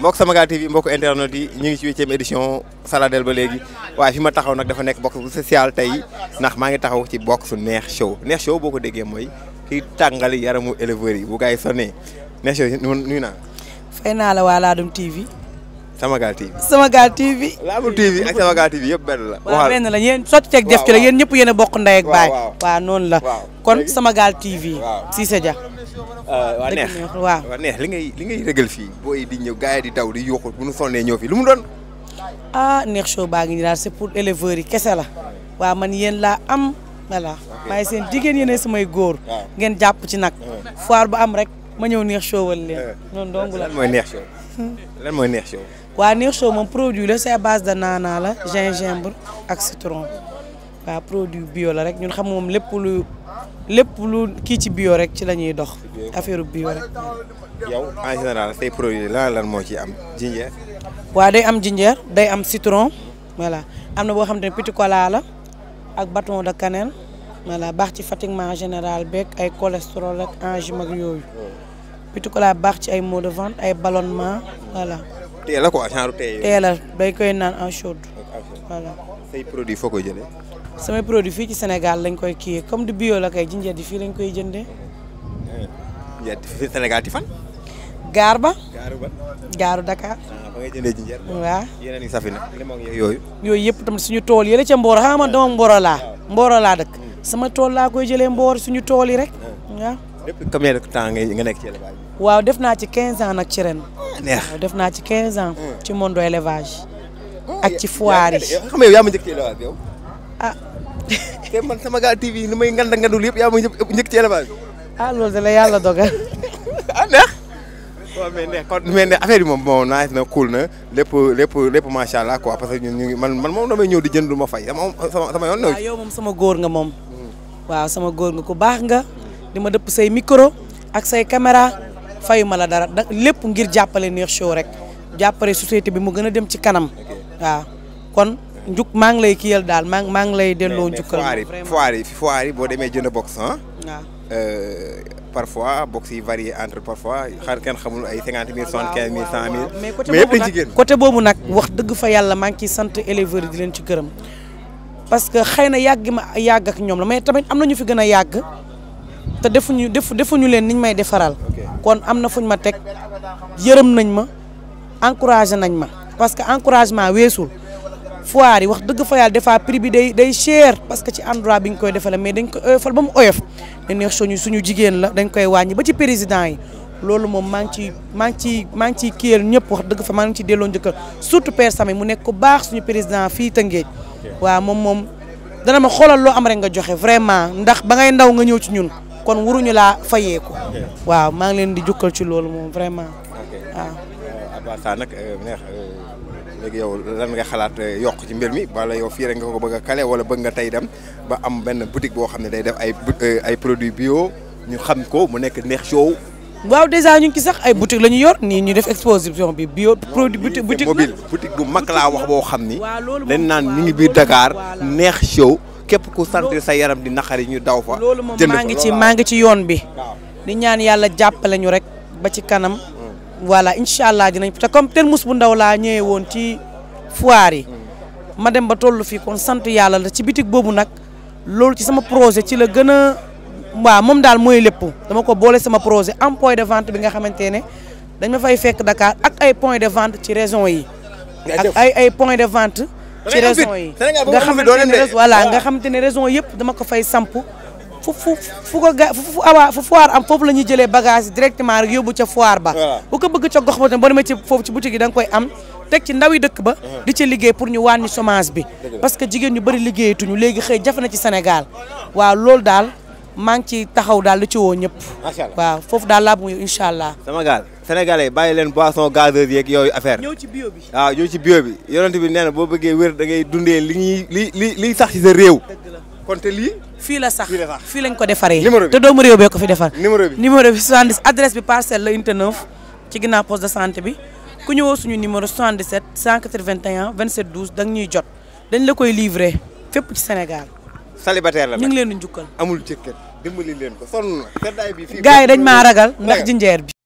Boxe Maga TV Boxe internet nous sommes édition Saladel ba léegi je fi taxaw box social suis ngi taxaw ci box boxe neex show neex show beaucoup de kiy tàngali yaramu éleveurs yi bu gars yi sonnee ne si nuyu naa. fay naa la waa Laadum TV. Samagal TV Samagal TV. Laadum TV TV yëpp benn la. waaw benn la yéen sotti teg def ci la yéen ñëpp yéen a bokk ndey baay. waaw noonu la. kon Samagal TV. waaw Cissé Dia. Euh, waa neex waaw waa neex li ngay li ngay rëgal fii. booy di ñëw gars yi di daw di yuuxu bu nu sonnee ñëw fii lu mu doon. ah neex show baa ngi nii c'est pour éleveurs yi kese la. waaw man yéen laa am. voilà maay seen jigéen yéen samay góor. ngeen jàpp ci nag. foire bu am rek ma ñëw neex showal la mooy neex show lan mooy neex show. waaw hmm? neex moom produit la c'est base de naanaa la gingembre ak citron waaw produit bio la rek ñun xam lépp lu lépp lu kii ci bio rek ci la ñuy dox. affaire bio rek. yow en général say produits lan lan moo ci am jinjeer. waa day am jinjeer day am citron voilà am na boo xam te ne petit cola la ak baton de cannelle. mala baax ci fatiguement général bek, ay cholestérol ak angine mak yoy pitou que la baax ci ay balon de ventre ay ballonnement voilà. té la quoi genre té té la day koy naan en chaud voilà. say produit foko jëlé sama produit fi di ci Sénégal lañ koy kiiyee comme du bio la kay jinjé di fi lañ koy ya di fi Sénégal ti fan. garba garba gaaru ba gaaru Dakar. ba ah, ngay jëndee jinjeer. waaw yeneen i safina. yooyu. yooyu yëpp tamit suñu tool yële ca Mboro xam dëkk. sama tool laa koy jëlee mboor suñu tool yi rek. Ah. waaw depuis combien de temps waaw def naa ci 15 ans nag ci ren. Ah, neex def naa ci 15 ans. Ah. ci monde élevage. ak ci foire yi xam yow ma njëkk ci élevage yow. ah. man may ngand ngandul yëpp yaa ma njëkk yàlla dogal. ah neex. waaw mais moom bon naaj na cool na lépp lépp lépp macha allah quoi parce que ngi man man moom damay ñëw di jënd lu ma fay sama sama yoon. waaw yow moom sama góor nga moom. waaw sama góor nga ko baax nga di ma dëpp say micro ak say kamera fayuma la dara da lépp ngir jàppale Nekh Show rek jàppale société bi mu gën a dem ci kanam waaw kon njuk maa ngi lay kiyal daal maa maa ngi lay delloo njukkal foire boo demee jënd box ah parfois box yi varié entre parfois xar kenn xamul ay cinquante mille soixante boobu nag wax dëgg fa yàlla maa ngi ciy sant éleveurs yi di leen ci gërëm parce que xëy na yàgg ma yàgg ak ñoom la mais tamit am na ñu fi gën a yàgg te defuñu defu defuñu leen niñ may defaral kon am na fuñ ma teg yërëm nañ ma encouragé nañ ma parce que encouragement weesul foire yi wax dëgg fa yàlla des fois prix bi day day parce que ci endroit bi ñu koy defale mais dañ koy oyofal ba mu oyof ne neex suñu suñu jigéen la dañ koy wàññi ba ci président yi loolu moom maa ngi ci maa ngi ciy maa ngi ciy kiyal ñëpp wax dëgg fa maa ngi ciy delloo njëkkal surtout père Samy mu nekk baax suñu président fii Tëngéej waaw moom moom dana ma xoolal loo am rek nga joxe vraiment ndax ba ngay ndaw nga ñëw ci ñun kon waruñu laa fayee ko waaw maa ngi leen di jukkal ci loolu moom vraiment waaw. à part ça nag euh, neex euh, yow lan nga xalaat euh, yokk ci mbir mi wala yow fii rek nga ko bëgg a kale wala bëgg nga tey dem ba am benn boutique boo xam ne day def ay ay produits bio ñu xam ko mu nekk neex show waaw déjà ñu ngi ci sax ay boutique la ñu yor nii ñu def exposition bi bio produit boutique boutique mobile boutique bu mag laa wax boo xam ni dañ naan ñu ngi biir Dakar neex show képp ku sentir sa yaram di naqari ñu daw fa loolu moom maa ngi ci maa ngi ci yoon bi di ñaan yàlla jàppale ñu rek ba ci kanam mm. voilà incha allah dinañ te comme Termousse bu ndaw laa ñëwee woon ci foire yi mm. ma dem ba toll fii kon sant yàlla la ci boutique boobu nag loolu ci sama projet ci la gën a waaw moom daal mooy lépp dama ko bolé sama projet am point de vente bi nga xamante dañ ma fay fekk Dakar ak ay point de vente ci raison yi. ak ay ay point de vente. ci raison yi nga xamante ne voilà nga xamante raison yépp dama ko fay samp. fu fu fu awa ga fu foire am foofu lañu jëlé bagage directement rek yobu ci foire ba bu ko bëgg ci gox ba boo demee ci fofu ci boutique yi dang koy am teg ci ndaw yi dëkk ba uh-huh. di ci liggéey pour ñu wàññi chômage bi parce que jigéen ñu bëri liggéeyatuñu léegi xëy jafe na ci Sénégal wa lool dal maa ngi ci taxaw daal lu ci woo ñëpp. macha allah waaw foofu daal laa bëgg incha allah. sama gaal bàyyi leen boisson gazeuse yeeg yooyu affaire. ñëw ci bio bi waaw ñëw ci bio bi yonent bi nee na boo bëggee wér da ngay dundee li li sax ci sa lii. fii la sax fii lañ ko defaree. numéro bi te doomu réew fi defar. numéro bi numéro bi 70 adresse bi parcelle la unité 9 ci ginnaaw poste de santé bi ku ñëwoo suñu numéro 77 181 27 12 da nga ñuy jot dañ la koy livré fépp ci Sénégal. célibataire la ñu ngi leen di njukkal amul jëkkër dimbali leen ko sonn na seddaay bi fii yi dañ maa ragal ndax jinjeer bi